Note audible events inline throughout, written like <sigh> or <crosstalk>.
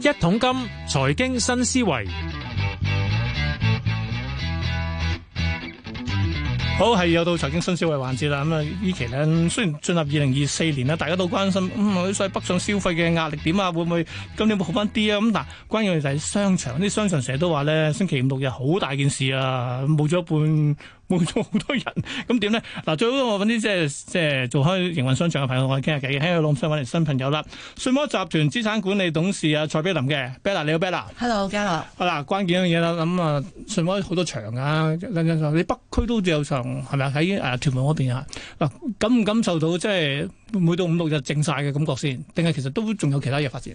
一桶金財經新思維，好係又到財經新思維環節啦。咁啊，呢期咧雖然進入二零二四年啦，大家都關心嗯所謂北上消費嘅壓力點啊，會唔會今年會好翻啲啊？咁但係關鍵就係商場，啲商場成日都話咧，星期五、六日好大件事啊，冇咗一半。會做好多人，咁點咧？嗱，最好我搵啲即係即係做開營運商場嘅朋友，我哋傾下偈，喺度諗想搵嚟新朋友啦。信和集團資產管理董事啊，蔡碧林嘅，Peter 你好，Peter Hello，嘉樂。好啦，關鍵嘅嘢啦，咁啊，信和好多場啊噶，你北區都有場係咪喺誒屯門嗰邊啊，嗱、啊，感唔感受到即係每到五六日靜晒嘅感覺先，定係其實都仲有其他嘢發展？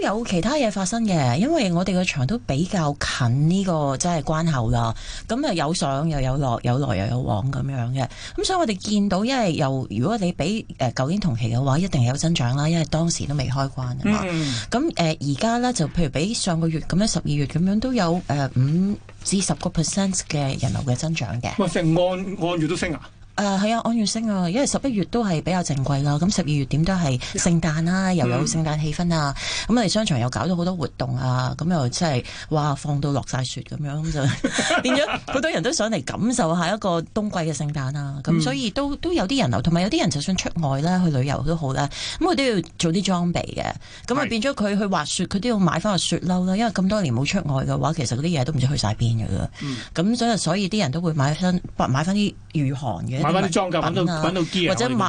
都有其他嘢發生嘅，因為我哋個場都比較近呢個真係關口啦。咁啊，有上又有落，有來又有往咁樣嘅。咁所以我哋見到，因為又如果你比誒舊、呃、年同期嘅話，一定有增長啦。因為當時都未開關啊嘛。咁誒而家咧，就譬如比上個月咁樣十二月咁樣都有誒五至十個 percent 嘅人流嘅增長嘅。哇！成按按月都升啊～誒、啊、係啊，按月升啊，因為十一月都係比較正季啦。咁十二月點都係聖誕啦、啊，又有聖誕氣氛啊。咁我哋商場又搞到好多活動啊。咁又即、就、係、是、哇，放到落晒雪咁樣，就 <laughs> 變咗好多人都想嚟感受下一個冬季嘅聖誕啊。咁所以都都有啲人流，同埋有啲人就算出外啦去旅遊都好咧，咁佢都要做啲裝備嘅。咁啊變咗佢去滑雪，佢都要買翻個雪褸啦。因為咁多年冇出外嘅話，其實嗰啲嘢都唔知去晒邊嘅啦。咁所以所以啲人都會買翻買翻啲御寒嘅。買翻啲裝架，搵、啊、到搵到 gear，或者買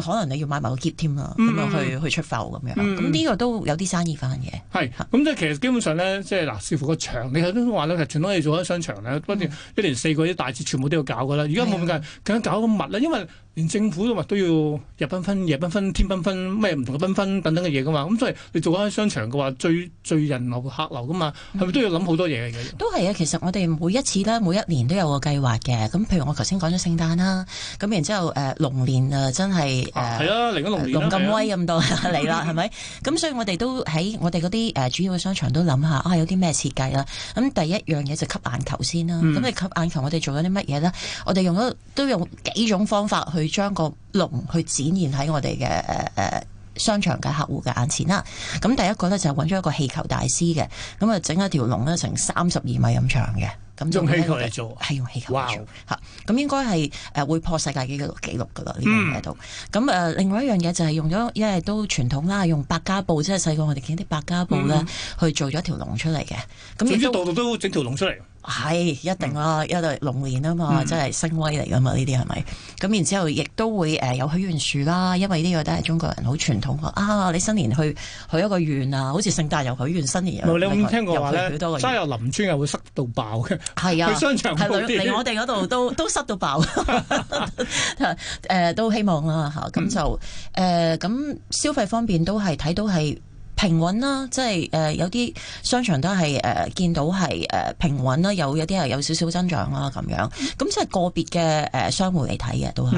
可能你要買埋個篋添啦，咁、嗯、樣去去出埠咁樣，咁、嗯、呢個都有啲生意翻嘅。係，咁即係其實基本上咧，即係嗱，視乎個場，你係都話咧，係傳統你做緊商場咧、嗯，不斷一年四季啲大節全部都要搞噶啦，而家冇咁緊，緊、啊、搞緊物啦，因為。連政府都話都要日繽紛、夜繽紛、天繽紛，咩唔同嘅繽紛等等嘅嘢噶嘛？咁所以你做返商場嘅話，最最人流客流噶嘛，係咪都要諗好多嘢嘅、嗯？都係啊！其實我哋每一次啦，每一年都有個計劃嘅。咁譬如我頭先講咗聖誕啦，咁然之後誒龍年啊，真係誒係啊！嚟緊、啊呃、龍咁威咁多嚟啦，係咪、啊？咁 <laughs> 所以我哋都喺我哋嗰啲誒主要嘅商場都諗下啊，有啲咩設計啦？咁第一樣嘢就吸眼球先啦。咁、嗯、你吸眼球我，我哋做咗啲乜嘢咧？我哋用咗都用幾種方法去。佢將個龍去展現喺我哋嘅誒誒商場嘅客戶嘅眼前啦。咁第一個咧就係、搵、咗一個氣球大師嘅，咁啊整一條龍咧成三十二米咁長嘅，咁用氣球嚟做，係用氣球嚟做咁、wow、應該係誒會破世界紀錄紀錄噶啦呢樣嘢度。咁、嗯、誒、呃、另外一樣嘢就係用咗，因為都傳統啦，用百家布，即係細個我哋見啲百家布咧、嗯，去做咗條龍出嚟嘅。咁呢度度都整條龍出嚟。係一定啦，因為龍年啊嘛，嗯、真係升威嚟噶嘛，呢啲係咪？咁然之後亦都會誒有許願樹啦，因為呢個都係中國人好傳統啊！你新年去去許一個願啊，好似聖誕又許願，新年又許願，你有冇聽過話又許多個願。真係林村又會塞到爆嘅，係啊，去商場嚟我哋嗰度都都塞到爆。誒、 <laughs> <laughs> <laughs> 呃，都希望啦吓，咁、嗯、就誒咁、呃、消費方面都係睇到係。平穩啦，即係誒、呃、有啲商場都係誒、呃、見到係誒、呃、平穩啦，有有啲係有少少增長啦咁樣，咁即係個別嘅誒、呃、商戶嚟睇嘅都係。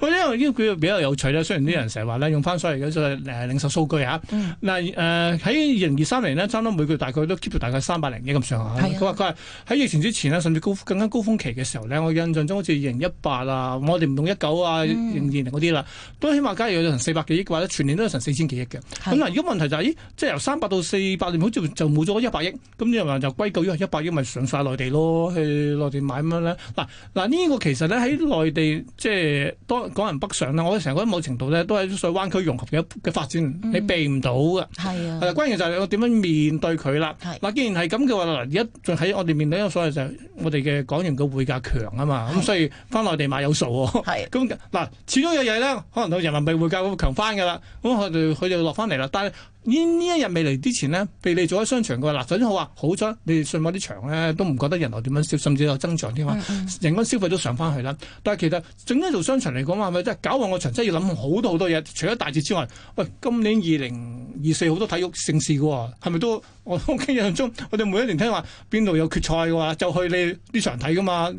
我、嗯、因為呢個比較有趣啦，雖然啲人成日話咧，用翻所謂嘅誒零售數據嚇。嗱誒喺二零二三年呢，差唔多每個月大概都 keep 住大概三百零億咁上下。佢話佢話喺疫情之前咧，甚至高更加高峰期嘅時候咧，我印象中好似二零一八啊，我哋唔同一九啊，二零二零嗰啲啦，都起碼假如有成四百幾億，或者全年都有成四千幾億嘅。咁嗱、啊，如果問題就係、是即係由三百到四百，年好似就冇咗一百億，咁你話就歸咎於一百億咪上晒內地咯，去內地買咁樣咧。嗱嗱呢個其實咧喺內地，即係當港人北上咧，我哋成日覺得某程度咧都係水灣區融合嘅嘅發展，你避唔到嘅。係、嗯、啊。關鍵就係我點樣面對佢啦。嗱、啊啊，既然係咁嘅話，嗱，而家仲喺我哋面對一個所謂就係我哋嘅港元嘅匯價強啊嘛，咁、啊啊、所以翻內地買有數喎、哦。係、啊。咁、啊、嗱，始終有嘢咧，可能到人民幣匯價會強翻嘅啦，咁佢哋佢就落翻嚟啦，但係呢一日未嚟之前呢，俾你做喺商場嘅，嗱，首先好話好咗，你哋信我啲場咧都唔覺得人流點樣少，甚至有增長添嘛，人均消費都上翻去啦。但係其實整一座商場嚟講啊，係咪真係搞旺個場？真係要諗好多好多嘢。除咗大節之外，喂，今年二零二四好多體育盛事喎，係咪都我屋企印象中，我哋每一年聽話邊度有決賽嘅話，就去你啲場睇㗎嘛？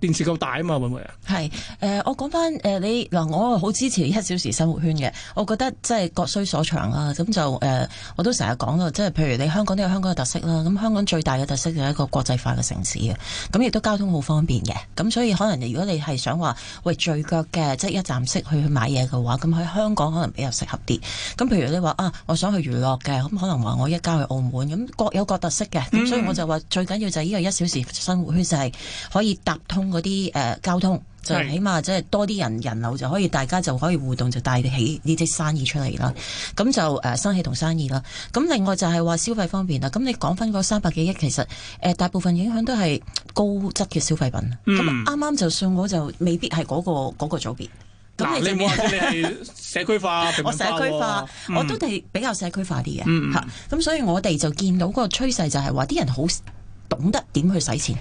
電視夠大啊嘛？會唔會啊？係誒、呃，我講翻誒，你嗱、呃，我好支持一小時生活圈嘅，我覺得即係各需所長啦、啊。咁就誒。呃我都成日講咯，即係譬如你香港都有香港嘅特色啦。咁香港最大嘅特色就係一個國際化嘅城市嘅，咁亦都交通好方便嘅。咁所以可能如果你係想話喂聚腳嘅，即係一站式去去買嘢嘅話，咁喺香港可能比較適合啲。咁譬如你話啊，我想去娛樂嘅咁，可能話我一家去澳門咁，各有各特色嘅。咁所以我就話、mm -hmm. 最緊要就係呢個一小時生活圈就係可以搭通嗰啲誒交通。就係、是、起碼，即係多啲人人流就可以，大家就可以互動，就帶起呢啲生意出嚟啦。咁就誒、呃、生意同生意啦。咁另外就係話消費方面啦。咁你講翻嗰三百幾億，其實誒、呃、大部分影響都係高質嘅消費品。咁啱啱就算我就未必係嗰、那個嗰、那個組別。咁你冇你係社區化定乜化喎？我社區化，我，化、嗯、我都係比較社區化啲嘅。嚇、嗯！咁所以我哋就見到個趨勢就係話啲人好懂得點去使錢，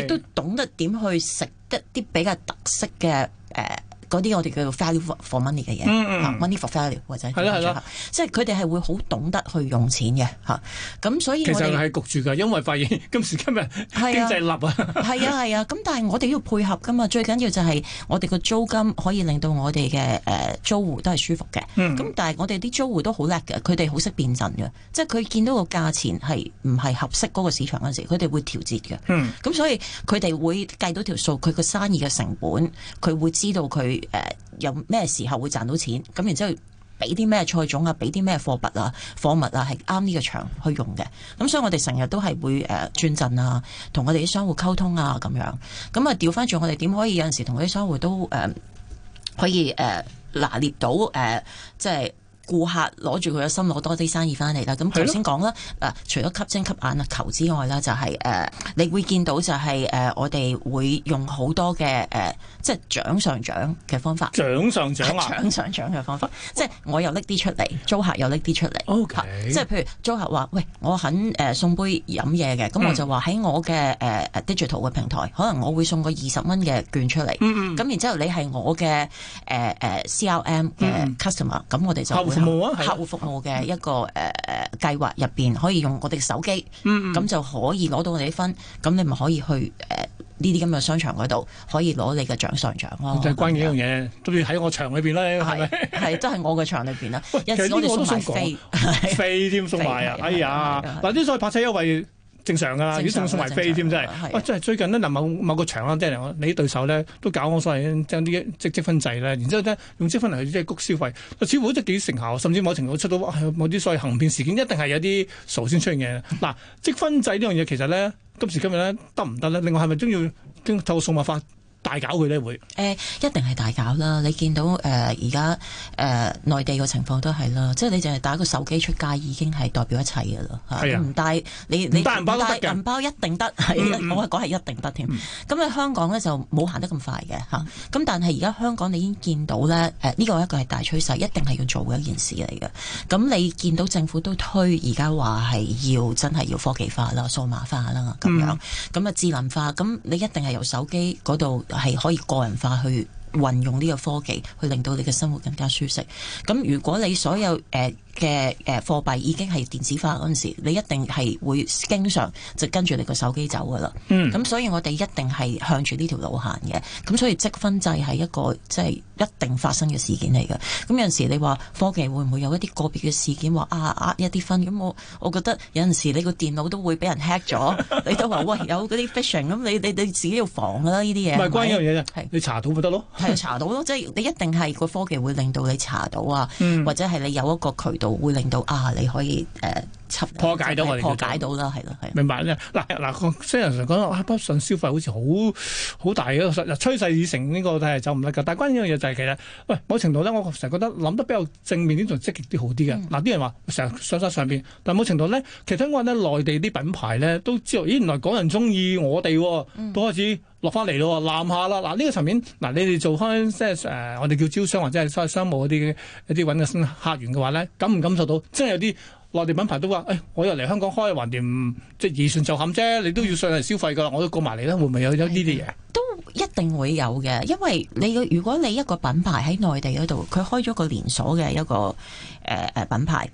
亦都懂得點去食。一啲比較特色嘅誒。呃嗰啲我哋叫做 value for money 嘅嘢，mm-hmm. 啊、money for value 或者，是是或者是是即係佢哋係會好懂得去用錢嘅。咁、啊、所以其實係焗住㗎，因為發現今時今日經濟立啊，係啊係啊。咁、啊、但係我哋要配合㗎嘛，最緊要就係我哋個租金可以令到我哋嘅租戶都係舒服嘅。咁、嗯、但係我哋啲租戶都好叻嘅，佢哋好識變陣嘅，即係佢見到個價錢係唔係合適嗰個市場嗰陣時候，佢哋會調節嘅。咁、嗯嗯、所以佢哋會計到條數，佢個生意嘅成本，佢會知道佢。誒、呃，有咩時候會賺到錢？咁然之後俾啲咩菜種啊，俾啲咩貨物啊，貨物啊，係啱呢個場去用嘅。咁所以我哋成日都係會誒轉陣啊，同我哋啲商戶溝通啊，咁樣。咁啊調翻轉我哋點可以有陣時同啲商戶都誒、呃、可以誒、呃、拿捏到誒、呃、即係。顧客攞住佢嘅心，攞多啲生意翻嚟啦。咁頭先講啦，誒、啊，除咗吸睛吸眼啊球之外啦，就係、是、誒、呃，你會見到就係、是、誒、呃，我哋會用好多嘅誒、呃，即係獎上獎嘅方法。獎上獎啊！獎上獎嘅方法，啊、即係我又拎啲出嚟、啊，租客又拎啲出嚟。O、okay. K，即係譬如租客話，喂，我肯誒送杯飲嘢嘅，咁我就話喺我嘅誒、嗯呃、digital 嘅平台，可能我會送個二十蚊嘅券出嚟。咁、嗯嗯、然之後你，你、呃、係、呃嗯嗯、我嘅 C R M 嘅 customer，咁我哋就。服務啊，客戶服務嘅一個誒誒計劃入邊，可以用我哋手機，咁、嗯嗯、就可以攞到我哋啲分。咁你咪可以去誒呢啲咁嘅商場嗰度，可以攞你嘅獎上獎咯。就係關鍵一樣嘢，都要喺我場裏邊咧，係咪？係，都係我嘅場裏邊啦。其實我哋飛添送埋啊！哎呀，嗱啲所謂拍車優惠。正常啊，啲送送埋飛添真係，哇！真係最近呢，嗱某某個場咧，即你啲對手咧，都搞我所謂將啲積積分制咧，然之後咧用積分嚟去即係谷消費，似乎都幾成效，甚至某程度出到，某啲所謂行騙事件一定係有啲傻先出現嘅。嗱、嗯啊，積分制呢樣嘢其實咧，今時今日咧得唔得咧？另外係咪都要經透過數碼化？大搞佢咧、欸，會誒一定係大搞啦！你見到誒而家誒內地個情況都係啦，即係你淨係打個手機出街已經係代表一切嘅啦。係唔、啊、帶你帶包你帶銀包一定得、嗯、我係講係一定得添。咁、嗯、喺香港咧就冇行得咁快嘅嚇。咁、啊、但係而家香港你已經見到咧誒呢個一個係大趨勢，一定係要做嘅一件事嚟嘅。咁你見到政府都推而家話係要真係要科技化啦、數碼化啦咁樣，咁、嗯、啊智能化。咁你一定係由手機嗰度。係可以個人化去運用呢個科技，去令到你嘅生活更加舒適。咁如果你所有，呃嘅貨幣已經係電子化嗰陣時，你一定係會經常就跟住你個手機走噶啦。咁、嗯、所以我哋一定係向住呢條路行嘅。咁所以積分制係一個即係、就是、一定發生嘅事件嚟嘅。咁有陣時你話科技會唔會有一啲個別嘅事件話啊呃、啊啊啊、一啲分？咁、嗯、我我覺得有陣時你個電腦都會俾人 hack 咗， <laughs> 你都話喂有嗰啲 phishing 咁，你你你自己要防噶啦呢啲嘢。唔係關呢樣嘢你查到咪得咯？係 <laughs> 查到咯，即係你一定係個科技會令到你查到啊，或者係你有一個渠。會令到啊！你可以誒。呃破解，就是、破，解破解到我哋破解到啦，係咯，係明白咧。嗱嗱，雖然成日講啊，北、啊、上、啊啊、消費好似好好大嘅，嗱趨勢已成呢個就，但係走唔甩噶。但係關鍵一樣嘢就係，其實喂、哎，某程度咧，我成日覺得諗得比較正面啲，仲積極啲好啲嘅。嗱、嗯，啲、啊、人話成日上晒上邊，但係某程度咧，其實我咧內地啲品牌咧都知道，咦，原來港人中意我哋、啊，都開始落翻嚟咯，南下啦。嗱、啊、呢、啊這個層面，嗱、啊、你哋做開即係誒，我哋叫招商或者係商商務嗰啲一啲搵嘅客源嘅話咧，感唔感受到真係有啲？內地品牌都話，誒、哎，我又嚟香港開橫掂，即係以順就冚啫，你都要上嚟消費噶，我都過埋嚟啦。會唔會有有呢啲嘢？都一定會有嘅，因為你如果你一個品牌喺內地嗰度，佢開咗個連鎖嘅一個、呃、品牌誒、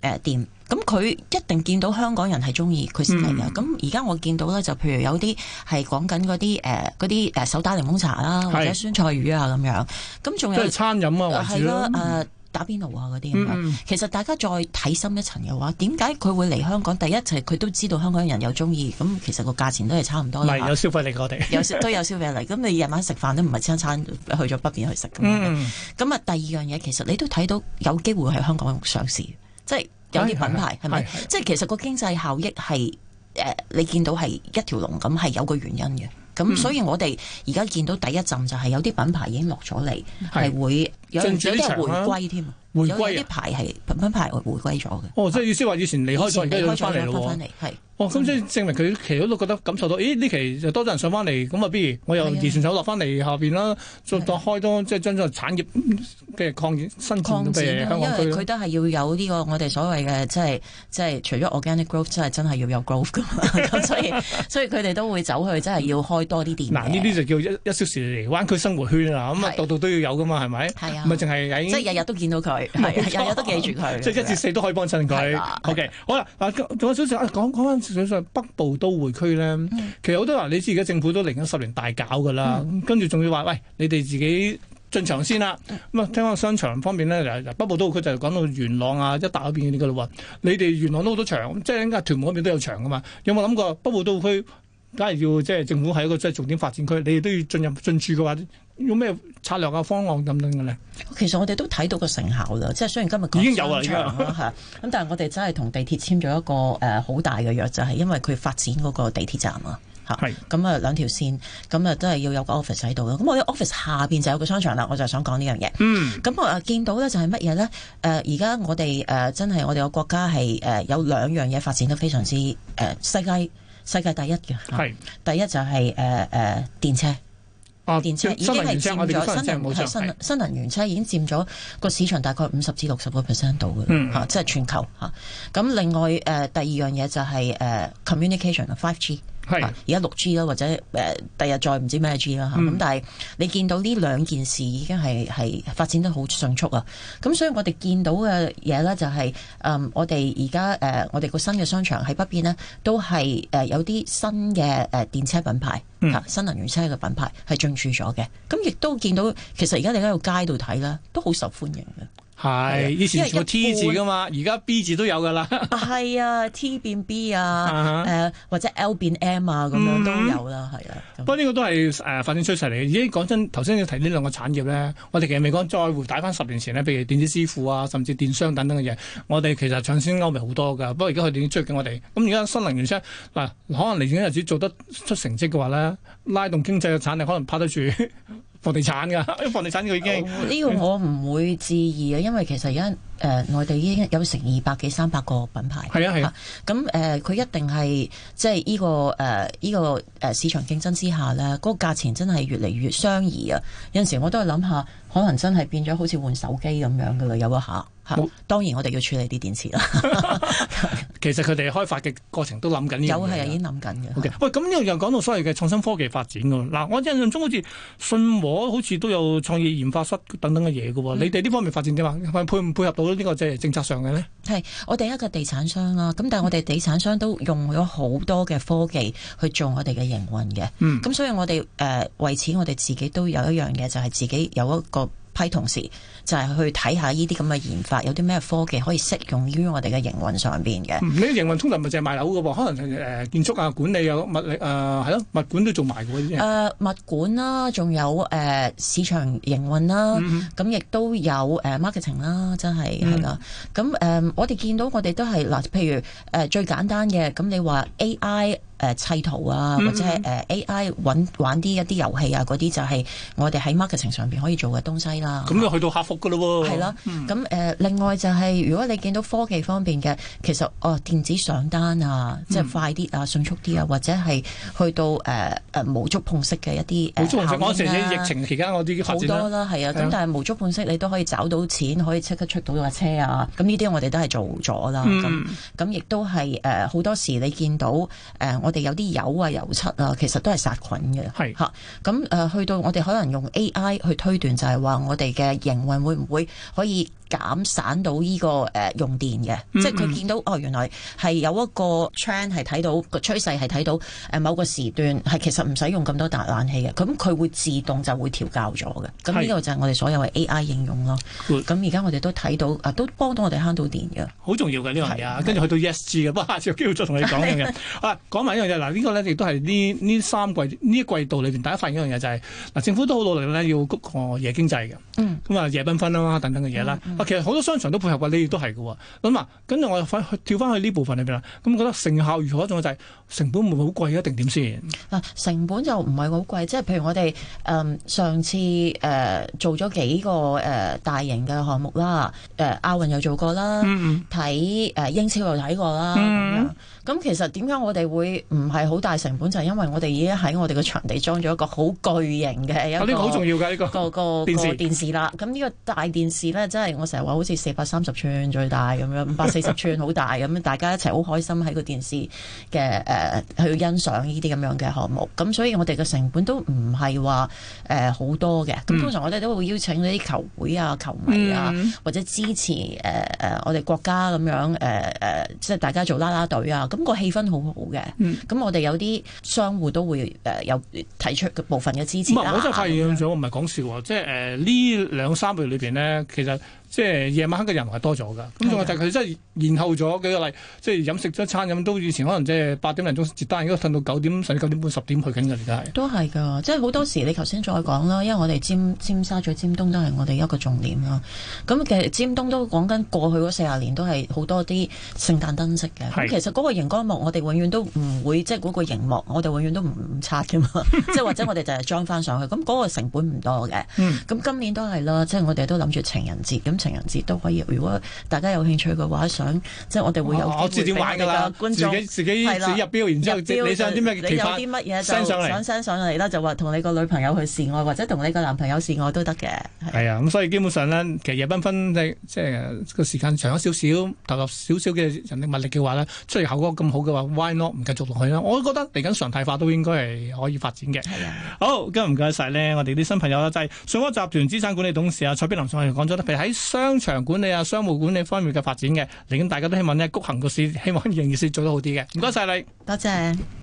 呃、店，咁佢一定見到香港人係中意佢先嘅。咁而家我見到咧，就譬如有啲係講緊嗰啲嗰啲手打檸檬茶啦，或者酸菜魚啊咁樣，咁仲有都係餐飲啊，係咯，誒、啊。打邊爐啊嗰啲咁樣、嗯，其實大家再睇深一層嘅話，點解佢會嚟香港？第一，就係佢都知道香港人有中意，咁其實個價錢都係差唔多啦。係有消費力我，我哋有都有消費力。咁 <laughs> 你夜晚食飯都唔係餐餐去咗北邊去食嘅。嗯，咁啊，第二樣嘢其實你都睇到有機會喺香港上市，即係有啲品牌係咪？是是是是不是是是即係其實個經濟效益係誒、呃，你見到係一條龍咁，係有個原因嘅。咁所以，我哋而家見到第一陣就係有啲品牌已經落咗嚟，係會。進駐一場啊！有啲牌係品，啊、牌回歸咗嘅。哦，即係意思話以前離開咗，而家又翻嚟咯。翻嚟哦，咁即係證明佢其實都覺得感受到，嗯、咦？呢期就多咗人上翻嚟，咁啊，不如我又二傳手落翻嚟下邊啦，再開多，是即係將個產業嘅擴展，新擴展。因為佢都係要有呢個我哋所謂嘅，即係即係除咗 organic growth，真係真係要有 growth 噶嘛 <laughs> <laughs> 所以。所以所以佢哋都會走去，真係要開多啲店。嗱，呢啲就叫一一小時嚟灣區生活圈啦。咁啊，度度都要有噶嘛，係咪？係啊。咪係淨係，即係日日都見到佢，日日都記住佢，即係一至四都可以幫襯佢。O、okay, K，好啦，仲有少少講講講翻少少北部都會區咧、嗯。其實好多話，你知而家政府都嚟緊十年大搞噶啦、嗯，跟住仲要話喂，你哋自己進場先啦。咁啊，聽講商場方面咧，北部都會區就講到元朗啊、一帶嗰邊嗰啲噶啦喎。你哋元朗都好多場，即係應該屯門嗰邊都有場噶嘛。有冇諗過北部都會區，梗係要即、就是、政府係一個即重點發展區，你哋都要進入進駐嘅話？有咩策略嘅方案咁樣嘅咧？其實我哋都睇到個成效啦，即係雖然今日已經有啊，係咁，是但係我哋真係同地鐵簽咗一個誒、呃、好大嘅約，就係、是、因為佢發展嗰個地鐵站啊，吓，咁啊兩條線，咁、嗯、啊都係要有個 office 喺度，咁我啲 office 下邊就有個商場啦，我就想講呢樣嘢。嗯，咁、嗯呃、我啊見到咧就係乜嘢咧？誒而家我哋誒真係我哋個國家係誒、呃、有兩樣嘢發展得非常之誒、呃、世界世界第一嘅，係第一就係誒誒電車。啊！電車已經係佔咗新能新能源車已經佔咗個市場大概五十至六十個 percent 度嘅，嚇、嗯啊、即係全球嚇。咁、啊、另外誒、呃、第二樣嘢就係、是、誒、呃、communication five G。係，而家六 G 啦，或者誒第日再唔知咩 G 啦嚇、嗯、咁但係你見到呢兩件事已經係係發展得好迅速啊！咁所以我哋見到嘅嘢咧，就係嗯，我哋而家誒我哋個新嘅商場喺北邊咧，都係誒有啲新嘅誒電車品牌、嗯、新能源車嘅品牌係進駐咗嘅。咁亦都見到，其實而家你喺個街度睇咧，都好受歡迎嘅。係，以前做 T 字噶嘛，而家 B 字都有噶啦。係啊 <laughs> ，T 變 B 啊，誒、uh -huh. 或者 L 變 M 啊，咁樣都有啦，係、mm -hmm. 啊。不過呢個都係誒發展趨勢嚟嘅。而且講真，頭先要提呢兩個產業咧，我哋其實未講再會打回打返十年前呢，譬如電子支付啊，甚至電商等等嘅嘢，我哋其實搶先歐美好多噶。不過而家佢哋已經追緊我哋。咁而家新能源車嗱，可能嚟緊日子做得出成績嘅話咧，拉動經濟嘅產力可能拍得住。 <laughs> 房地產噶，房地產佢已經呢、哦呢個我唔會置疑啊， <laughs> 因為其實而家誒內地已經有成二百幾三百個品牌，係啊係啊，咁誒佢一定係即係呢、呢個誒呢、呃呢個誒市場競爭之下咧，嗰個價錢真係越嚟越相宜啊！有陣時我都係諗下，可能真係變咗好似換手機咁樣噶啦，有一下。當然我哋要處理啲電池啦。 <laughs> <laughs> 其實佢哋開發嘅過程都諗緊呢樣有係已經諗緊嘅。喂，咁呢度又講到所謂嘅創新科技發展喎。嗱、啊，我印象中好似信和好似都有創意研發室等等嘅嘢噶喎。你哋呢方面發展點啊？配唔配合到呢個即係政策上嘅咧？係我哋一個地產商啊，咁但係我哋地產商都用咗好多嘅科技去做我哋嘅營運嘅。咁、嗯、所以我哋誒持，呃、為此我哋自己都有一樣嘅，就係、是、自己有一個。批同事就係、是、去睇下呢啲咁嘅研發有啲咩科技可以適用於我哋嘅營運上邊嘅。嗯，你營運通常咪淨係賣樓噶，可能係誒建築啊、管理啊、物力啊，係咯，物管都做埋嘅啲嘢。誒、呃，物管啦、啊，仲有誒、呃、市場營運啦，咁、嗯、亦都有誒、呃、marketing 啦、啊，真係係啦。咁誒、嗯呃，我哋見到我哋都係嗱，譬如誒、呃、最簡單嘅咁，你話 AI。誒、呃、砌圖啊，或者係誒、嗯啊、AI 揾玩啲一啲遊戲啊，嗰啲就係我哋喺 marketing 上邊可以做嘅東西啦。咁就去到客服嘅咯喎。係啦、啊，咁、嗯、誒、呃、另外就係、是、如果你見到科技方面嘅，其實哦電子上單啊，即係快啲啊、嗯，迅速啲啊，或者係去到誒誒、呃、無觸碰式嘅一啲、呃、無觸碰色。嗰時啲疫情期間我，我啲好多啦，係啊。咁、啊啊、但係無觸碰式，你都可以找到錢，可以即刻出到架車啊。咁呢啲我哋都係做咗啦。咁咁亦都係誒好多時你見到誒。呃我哋有啲油啊、油漆啊，其實都係殺菌嘅。係嚇，咁誒、呃，去到我哋可能用 AI 去推斷，就係話我哋嘅營運會唔會可以減省到呢個用電嘅、嗯，即係佢見到哦，原來係有一個趨勢係睇到個趨勢係睇到某個時段係其實唔使用咁多大冷氣嘅，咁佢會自動就會調校咗嘅。咁呢個就係我哋所有嘅 AI 應用咯。咁而家我哋都睇到啊，都幫到我哋慳到電嘅，好重要嘅呢個係啊，跟住去到 ESG 嘅，不過下次有機會再同你講嘅。啊，講埋一樣嘢嗱，呢、這個咧亦都係呢呢三季呢一季度裏面大家發現一樣嘢就係、是、嗱，政府都好努力呢，要谷個夜經濟嘅。咁、嗯、啊，夜繽紛啊，等等嘅嘢啦。嗯啊，其實好多商場都配合過你亦都係喎。咁啊，跟住、啊、我又翻去跳翻去呢部分裏面啦。咁覺得成效如何，仲有就係成本會唔會好貴啊？定點先？啊，成本就唔係好貴，即係譬如我哋嗯上次誒、呃、做咗幾個誒、呃、大型嘅項目啦，誒、呃、亞運又做過啦，睇、嗯、誒、呃、英超又睇過啦、嗯咁其實點解我哋會唔係好大成本？就係因為我哋已經喺我哋嘅場地裝咗一個好巨型嘅一個，呢個好重要㗎，呢個個、這個電視啦。咁呢個，個，個大電視咧，真、就、係、是、我成日話好似四百三十寸最大咁樣，五百四十寸好大咁樣， <laughs> 大家一齊好開心喺個電視嘅誒、呃、去欣賞呢啲咁樣嘅項目。咁所以我哋嘅成本都唔係話誒好多嘅。咁通常我哋都會邀請啲球會啊、球迷啊，嗯、或者支持誒誒、呃呃、我哋國家咁樣誒誒、呃呃，即係大家做啦啦隊啊。個氣氛好好嘅，咁、嗯、我哋有啲商戶都會、呃、有提出部分嘅支持啦嚇。我真係發現咗、嗯，我唔係講笑喎。即係呢兩三個月裏面呢，其實即係、呃、夜晚黑嘅人係多咗噶。咁仲話就係、是、佢真係延後咗幾多例，即、就、係、是、飲食咗餐飲都以前可能即係八點零鐘接單，而家瞓到九點甚至九點半十點去緊嘅，而家係都係噶，即係好多時、嗯、你頭先再講啦，因為我哋尖尖沙咀、尖東都係我哋一個重點咯。咁其實尖東都講緊過去嗰四十年都係好多啲聖誕燈飾嘅。咁其實嗰個光、那個、幕我哋永遠都唔會即係嗰個熒幕，我哋永遠都唔拆嘅嘛，即 <laughs> 係 <laughs> 或者我哋就裝翻上去，咁、那、嗰個成本唔多嘅。咁、嗯、今年都係啦，即、就、係、是、我哋都諗住情人節，咁情人節都可以。如果大家有興趣嘅話，想即係、就是、我哋會有會、哦、我自己玩㗎啦，自己自己，自己入標，然之後你有啲乜嘢奇葩，新上上嚟啦，就話同你個女朋友去示愛，或者同你個男朋友示愛都得嘅。係啊，咁所以基本上咧，其實夜繽紛即係個時間長咗少少，投入少少嘅人力物力嘅話咧，出嚟效果。咁好嘅話，why not，唔繼續落去啦。我都覺得嚟緊常態化都應該係可以發展嘅。係啊，好，今日唔該曬咧，我哋啲新朋友啦，就係信和集團資產管理董事啊，蔡碧林上嚟講咗啦，譬如喺商場管理啊、商務管理方面嘅發展嘅，嚟緊大家都希望呢，谷行個市希望越嚟越做得好啲嘅。唔該曬你，多謝。